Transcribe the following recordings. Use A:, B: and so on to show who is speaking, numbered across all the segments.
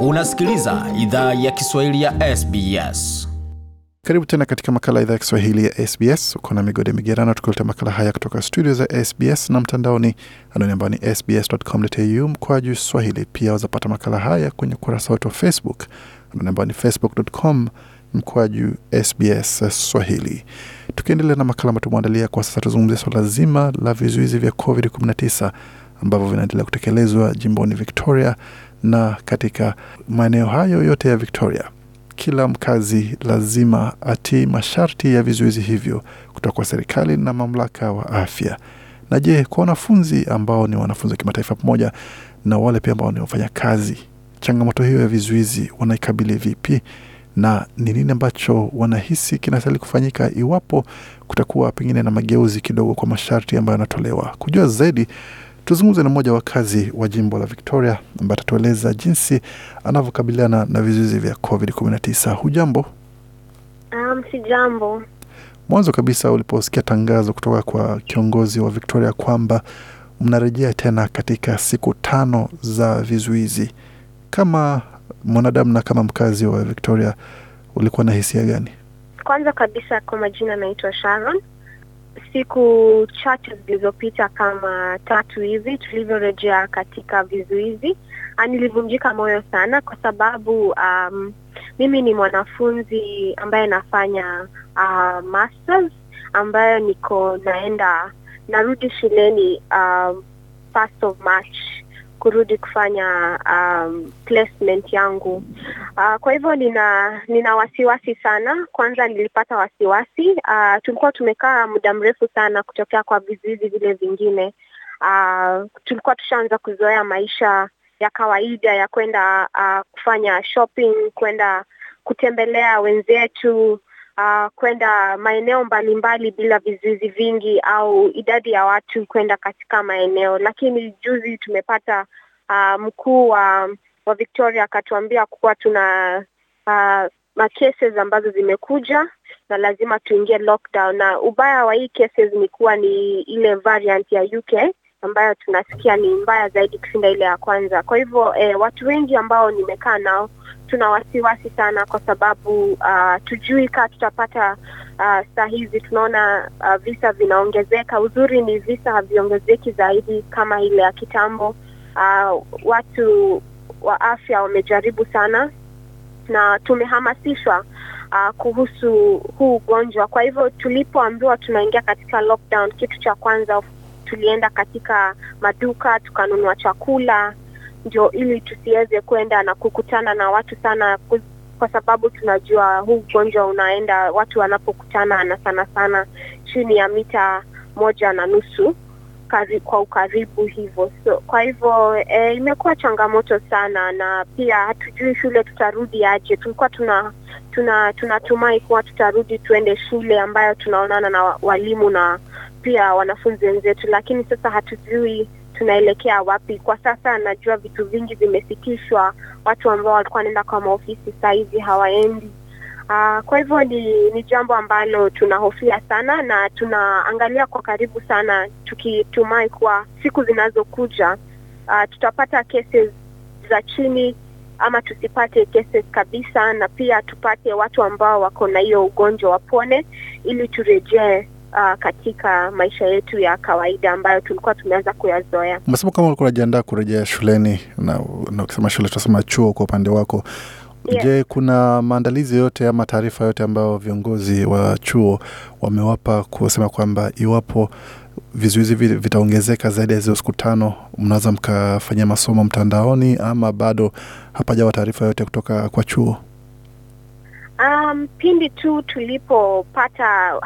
A: Unasikiliza idhaa ya Kiswahili ya SBS.
B: Karibu tena katika makala idhaa ya Kiswahili ya SBS. Uko na migode migerano, tukuleta makala haya kutoka studio za SBS na mtandaoni, anwani ambayo ni sbs.com.au juu swahili. Pia wazapata makala haya kwenye ukurasa wetu wa Facebook, anwani ambayo ni facebook.com juu SBS Swahili. Tukiendelea na makala ambayo tumeandalia kwa sasa, tuzungumzia swala zima la vizuizi vya COVID-19 ambavyo vinaendelea kutekelezwa jimboni Victoria na katika maeneo hayo yote ya Victoria kila mkazi lazima atii masharti ya vizuizi hivyo kutoka kwa serikali na mamlaka wa afya. Na je, kwa wanafunzi ambao ni wanafunzi wa kimataifa pamoja na wale pia ambao ni wafanya kazi, changamoto hiyo ya vizuizi wanaikabili vipi, na ni nini ambacho wanahisi kinastahili kufanyika iwapo kutakuwa pengine na mageuzi kidogo kwa masharti ambayo yanatolewa? Kujua zaidi Tuzungumze na mmoja wa wakazi wa jimbo la Victoria ambaye atatueleza jinsi anavyokabiliana na vizuizi vya COVID-19. Hujambo?
A: Um, si jambo.
B: Mwanzo kabisa uliposikia tangazo kutoka kwa kiongozi wa Victoria kwamba mnarejea tena katika siku tano za vizuizi, kama mwanadamu na kama mkazi wa Victoria, ulikuwa na hisia gani?
A: Kwanza kabisa, kwa majina anaitwa Sharon siku chache zilizopita kama tatu hivi tulivyorejea katika vizuizi, ah, nilivunjika moyo sana kwa sababu um, mimi ni mwanafunzi ambaye nafanya uh, masters ambayo niko naenda narudi shuleni uh, first of March kurudi kufanya um, placement yangu. Uh, kwa hivyo nina nina wasiwasi sana. Kwanza nilipata wasiwasi uh, tulikuwa tumekaa muda mrefu sana kutokea kwa vizuizi vile vingine uh, tulikuwa tushaanza kuzoea maisha ya kawaida ya kwenda uh, kufanya shopping, kwenda kutembelea wenzetu uh, kwenda maeneo mbalimbali bila vizuizi vingi au idadi ya watu kwenda katika maeneo, lakini juzi tumepata uh, mkuu wa wa Victoria akatuambia kuwa tuna uh, makeses ambazo zimekuja na lazima tuingie lockdown, na ubaya wa hii cases ni kuwa ni ile variant ya UK ambayo tunasikia ni mbaya zaidi kushinda ile ya kwanza. Kwa hivyo eh, watu wengi ambao nimekaa nao tuna wasiwasi sana kwa sababu uh, tujui kaa tutapata uh, saa hizi tunaona uh, visa vinaongezeka. Uzuri ni visa haviongezeki zaidi kama ile ya kitambo. Uh, watu wa afya wamejaribu sana na tumehamasishwa uh, kuhusu huu ugonjwa. Kwa hivyo tulipoambiwa tunaingia katika lockdown, kitu cha kwanza tulienda katika maduka tukanunua chakula ndio ili tusiweze kwenda na kukutana na watu sana, kwa sababu tunajua huu ugonjwa unaenda watu wanapokutana, na sana sana chini ya mita moja na nusu kari, kwa ukaribu hivyo. So kwa hivyo e, imekuwa changamoto sana, na pia hatujui shule tutarudi aje. Tulikuwa tuna tuna tunatumai kuwa tutarudi tuende shule ambayo tunaonana na walimu na pia wanafunzi wenzetu, lakini sasa hatujui tunaelekea wapi. Kwa sasa najua vitu vingi vimesitishwa, watu ambao walikuwa wanaenda kwa maofisi saa hizi hawaendi. Uh, kwa hivyo ni, ni jambo ambalo tunahofia sana na tunaangalia kwa karibu sana, tukitumai kuwa siku zinazokuja uh, tutapata kesi za chini ama tusipate kesi kabisa, na pia tupate watu ambao wako na hiyo ugonjwa wapone, ili turejee uh, katika maisha yetu ya kawaida ambayo tulikuwa tumeanza kuyazoea.
B: Umesema kama ulikuwa unajiandaa kurejea shuleni na, na ukisema shule tunasema chuo kwa upande wako Yes. Je, kuna maandalizi yote ama taarifa yote ambayo viongozi wa chuo wamewapa kusema kwamba iwapo vizuizi vitaongezeka zaidi ya zio siku tano, mnaweza mkafanyia masomo mtandaoni, ama bado hapajawa taarifa yote kutoka kwa chuo?
A: Um, pindi tu tulipopata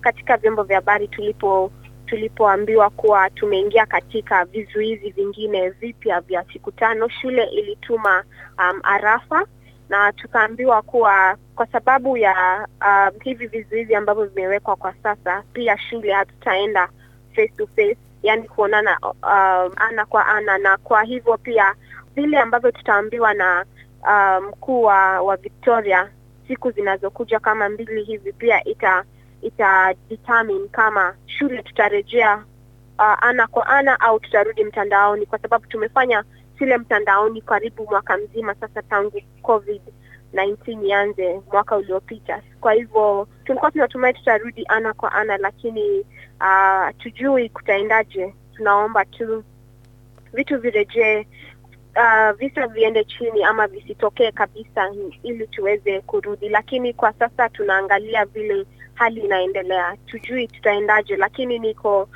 A: katika vyombo vya habari tulipo tulipoambiwa kuwa tumeingia katika vizuizi vingine vipya vya siku tano, shule ilituma um, arafa na tukaambiwa kuwa kwa sababu ya um, hivi vizuizi ambavyo vimewekwa kwa sasa, pia shule hatutaenda face to face, yani kuonana um, ana kwa ana, na kwa hivyo pia vile ambavyo tutaambiwa na um, mkuu um, wa Victoria siku zinazokuja kama mbili hivi pia ita, ita determine kama shule tutarejea uh, ana kwa ana au tutarudi mtandaoni, kwa sababu tumefanya shule mtandaoni karibu mwaka mzima sasa tangu covid 19 ianze mwaka uliopita. Kwa hivyo tulikuwa tunatumai tutarudi ana kwa ana, lakini uh, tujui kutaendaje. Tunaomba tu vitu virejee uh, visa viende chini ama visitokee kabisa, ili tuweze kurudi, lakini kwa sasa tunaangalia vile hali inaendelea, tujui tutaendaje, lakini niko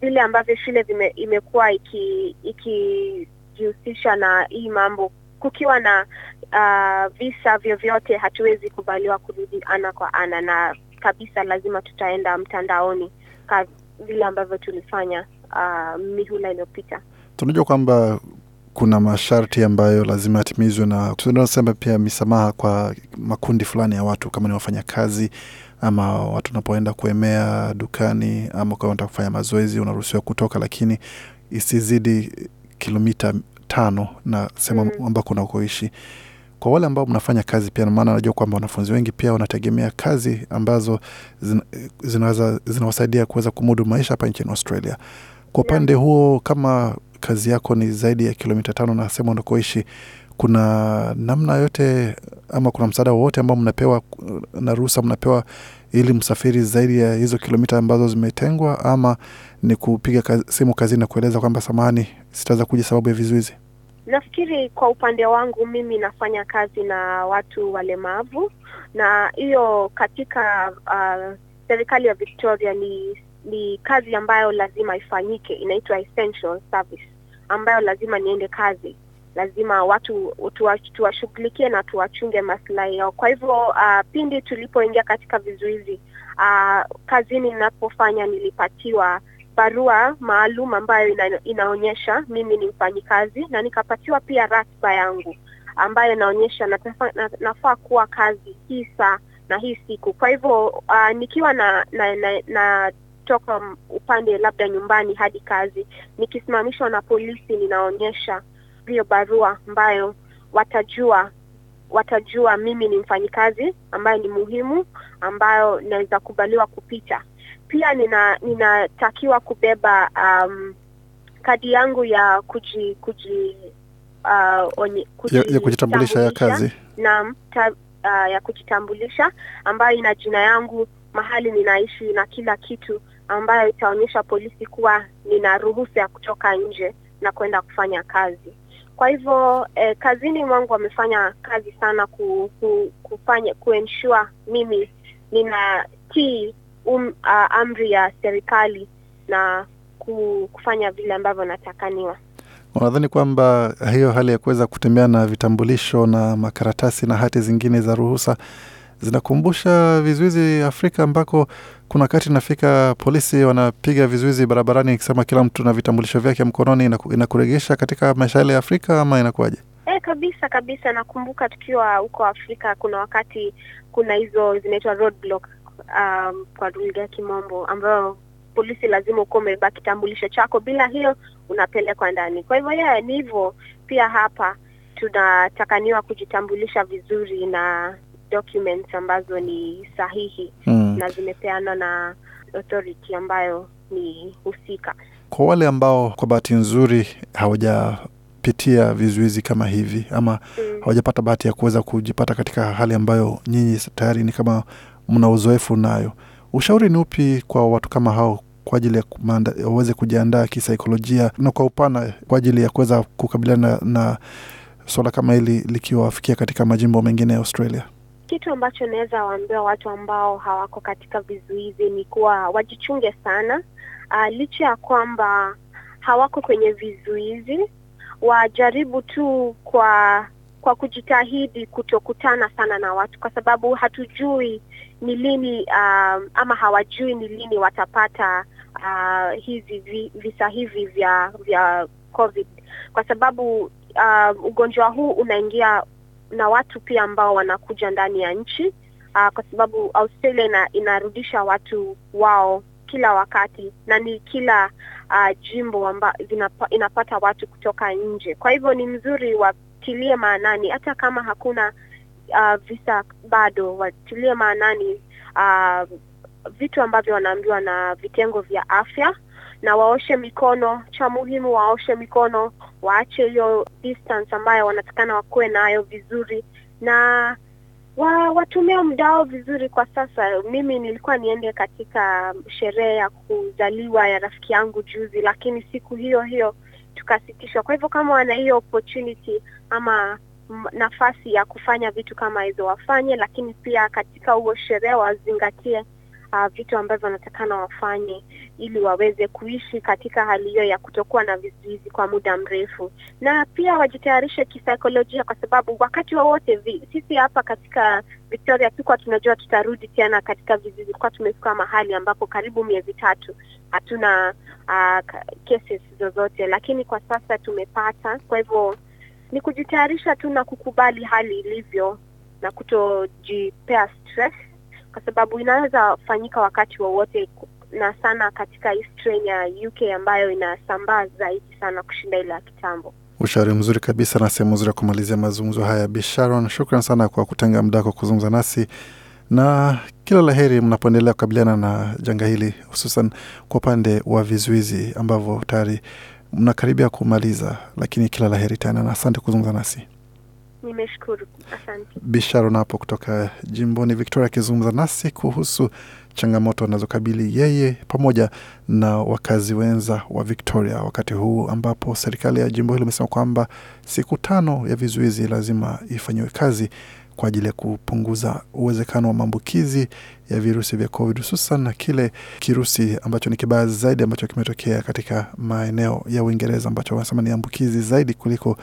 A: vile ambavyo shule imekuwa ikijihusisha iki na hii mambo, kukiwa na uh, visa vyovyote, hatuwezi kubaliwa kurudi ana kwa ana, na kabisa lazima tutaenda mtandaoni vile ambavyo tulifanya uh, mihula iliyopita.
B: Tunajua kwamba kuna masharti ambayo lazima yatimizwe, na tunasema pia misamaha kwa makundi fulani ya watu, kama ni wafanyakazi ama watu unapoenda kuemea dukani ama kama unataka kufanya mazoezi unaruhusiwa kutoka, lakini isizidi kilomita tano na sehemu mm. ambako unakoishi. Kwa wale ambao mnafanya kazi pia, maana najua kwamba wanafunzi wengi pia wanategemea kazi ambazo zinawasaidia kuweza kumudu maisha hapa nchini Australia. Kwa upande huo, kama kazi yako ni zaidi ya kilomita tano na sehemu unakoishi, kuna namna yote ama kuna msaada wowote ambao mnapewa na ruhusa mnapewa ili msafiri zaidi ya hizo kilomita ambazo zimetengwa, ama ni kupiga sehemu simu kazini na kueleza kwamba samahani, sitaweza kuja sababu ya vizuizi?
A: Nafikiri kwa upande wangu mimi nafanya kazi na watu walemavu, na hiyo katika uh, serikali ya Victoria ni ni kazi ambayo lazima ifanyike, inaitwa essential service ambayo lazima niende kazi, lazima watu tuwashughulikie na tuwachunge maslahi yao. Kwa hivyo uh, pindi tulipoingia katika vizuizi uh, kazini inapofanya nilipatiwa barua maalum ambayo ina, inaonyesha mimi ni mfanyikazi na nikapatiwa pia ratiba yangu ambayo inaonyesha natafa, na, nafaa kuwa kazi hii saa na hii siku. Kwa hivyo uh, nikiwa na, na, na, na kutoka upande labda nyumbani hadi kazi. Nikisimamishwa na polisi, ninaonyesha hiyo barua ambayo watajua watajua mimi ni mfanyikazi ambaye ni muhimu, ambayo naweza kubaliwa kupita. Pia nina ninatakiwa kubeba um, kadi yangu ya kuji, kuji, uh, onye, kuji, ya, ya kujitambulisha ya kazi naam, uh, ya kujitambulisha ambayo ina jina yangu mahali ninaishi na kila kitu ambayo itaonyesha polisi kuwa nina ruhusa ya kutoka nje na kwenda kufanya kazi. Kwa hivyo eh, kazini mwangu wamefanya kazi sana ku, ku, kufanya kuensure mimi ninatii um, uh, amri ya serikali na ku, kufanya vile ambavyo natakaniwa.
B: Unadhani kwamba hiyo hali ya kuweza kutembea na vitambulisho na makaratasi na hati zingine za ruhusa zinakumbusha vizuizi Afrika ambako kuna wakati nafika polisi wanapiga vizuizi barabarani ikisema kila mtu na vitambulisho vyake mkononi. inakuregesha katika maisha yale ya Afrika ama inakuwaje?
A: E, kabisa kabisa. Nakumbuka tukiwa huko Afrika kuna wakati kuna hizo zinaitwa roadblock, um, kwa lugha ya Kimombo ambayo polisi lazima ukuwa umebeba kitambulisho chako, bila hiyo unapelekwa ndani. Kwa hivyo yeye ni hivyo pia hapa tunatakaniwa kujitambulisha vizuri na documents ambazo ni sahihi mm. na zimepeanwa na authority ambayo ni husika.
B: Kwa wale ambao kwa bahati nzuri hawajapitia vizuizi kama hivi ama mm. hawajapata bahati ya kuweza kujipata katika hali ambayo nyinyi tayari ni kama mna uzoefu nayo, ushauri ni upi kwa watu kama hao kwa ajili ya waweze kujiandaa kisaikolojia na kwa upana kwa ajili ya kuweza kukabiliana na, na suala kama hili likiwafikia katika majimbo mengine ya Australia?
A: kitu ambacho naweza waambia watu ambao hawako katika vizuizi ni kuwa wajichunge sana. Uh, licha ya kwamba hawako kwenye vizuizi, wajaribu tu kwa kwa kujitahidi kutokutana sana na watu, kwa sababu hatujui ni lini uh, ama hawajui ni lini watapata uh, hizi vi, visa hivi vya vya COVID kwa sababu uh, ugonjwa huu unaingia na watu pia ambao wanakuja ndani ya nchi uh, kwa sababu Australia ina, inarudisha watu wao kila wakati na ni kila uh, jimbo amba, inapa, inapata watu kutoka nje. Kwa hivyo ni mzuri watilie maanani, hata kama hakuna uh, visa bado, watilie maanani uh, vitu ambavyo wanaambiwa na vitengo vya afya na waoshe mikono. Cha muhimu waoshe mikono, waache hiyo distance ambayo wanatakana wakuwe nayo vizuri na wa, watumia muda wao vizuri. Kwa sasa mimi nilikuwa niende katika sherehe ya kuzaliwa ya rafiki yangu juzi, lakini siku hiyo hiyo tukasitishwa. Kwa hivyo kama wana hiyo opportunity ama nafasi ya kufanya vitu kama hizo wafanye, lakini pia katika huo sherehe wazingatie uh, vitu ambavyo wanatakana wafanye ili waweze kuishi katika hali hiyo ya kutokuwa na vizuizi kwa muda mrefu, na pia wajitayarishe kisaikolojia, kwa sababu wakati wowote wa sisi hapa katika Victoria tuko tunajua tutarudi tena katika vizuizi. kuwa tumefika mahali ambapo karibu miezi tatu hatuna uh, cases zozote, lakini kwa sasa tumepata. Kwa hivyo ni kujitayarisha tu na kukubali hali ilivyo na kutojipea stress kwa sababu inaweza fanyika wakati wowote wa na sana katika hii strain ya UK ambayo inasambaa zaidi sana kushinda ile ya kitambo.
B: Ushauri mzuri kabisa na sehemu nzuri ya kumalizia mazungumzo haya. Bi Sharon, shukran sana kwa kutenga muda wako kuzungumza nasi na kila la heri mnapoendelea kukabiliana na janga hili, hususan kwa upande wa vizuizi ambavyo tayari mnakaribia kumaliza, lakini kila la heri tena, na asante kuzungumza nasi.
A: Nimeshukuru, asante.
B: Bishara unapo kutoka jimboni Victoria akizungumza nasi kuhusu changamoto anazokabili yeye pamoja na wakazi wenza wa Victoria wakati huu ambapo serikali ya jimbo hilo imesema kwamba siku tano ya vizuizi lazima ifanyiwe kazi kwa ajili ya kupunguza uwezekano wa maambukizi ya virusi vya COVID hususan na kile kirusi ambacho ni kibaya zaidi ambacho kimetokea katika maeneo ya Uingereza ambacho wanasema ni ambukizi zaidi kuliko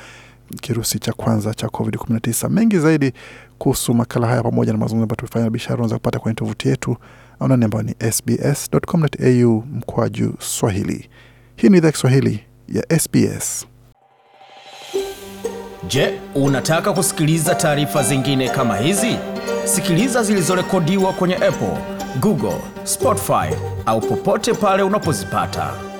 B: kirusi cha kwanza cha COVID-19. Mengi zaidi kuhusu makala haya pamoja na mazungumzo ambayo tumefanya na biashara unaweza kupata kwenye tovuti yetu anani ambayo ni sbs.com.au mkwaju swahili. Hii ni idhaa Kiswahili ya SBS. Je, unataka kusikiliza taarifa zingine kama hizi? Sikiliza zilizorekodiwa kwenye Apple, Google, Spotify au popote pale unapozipata.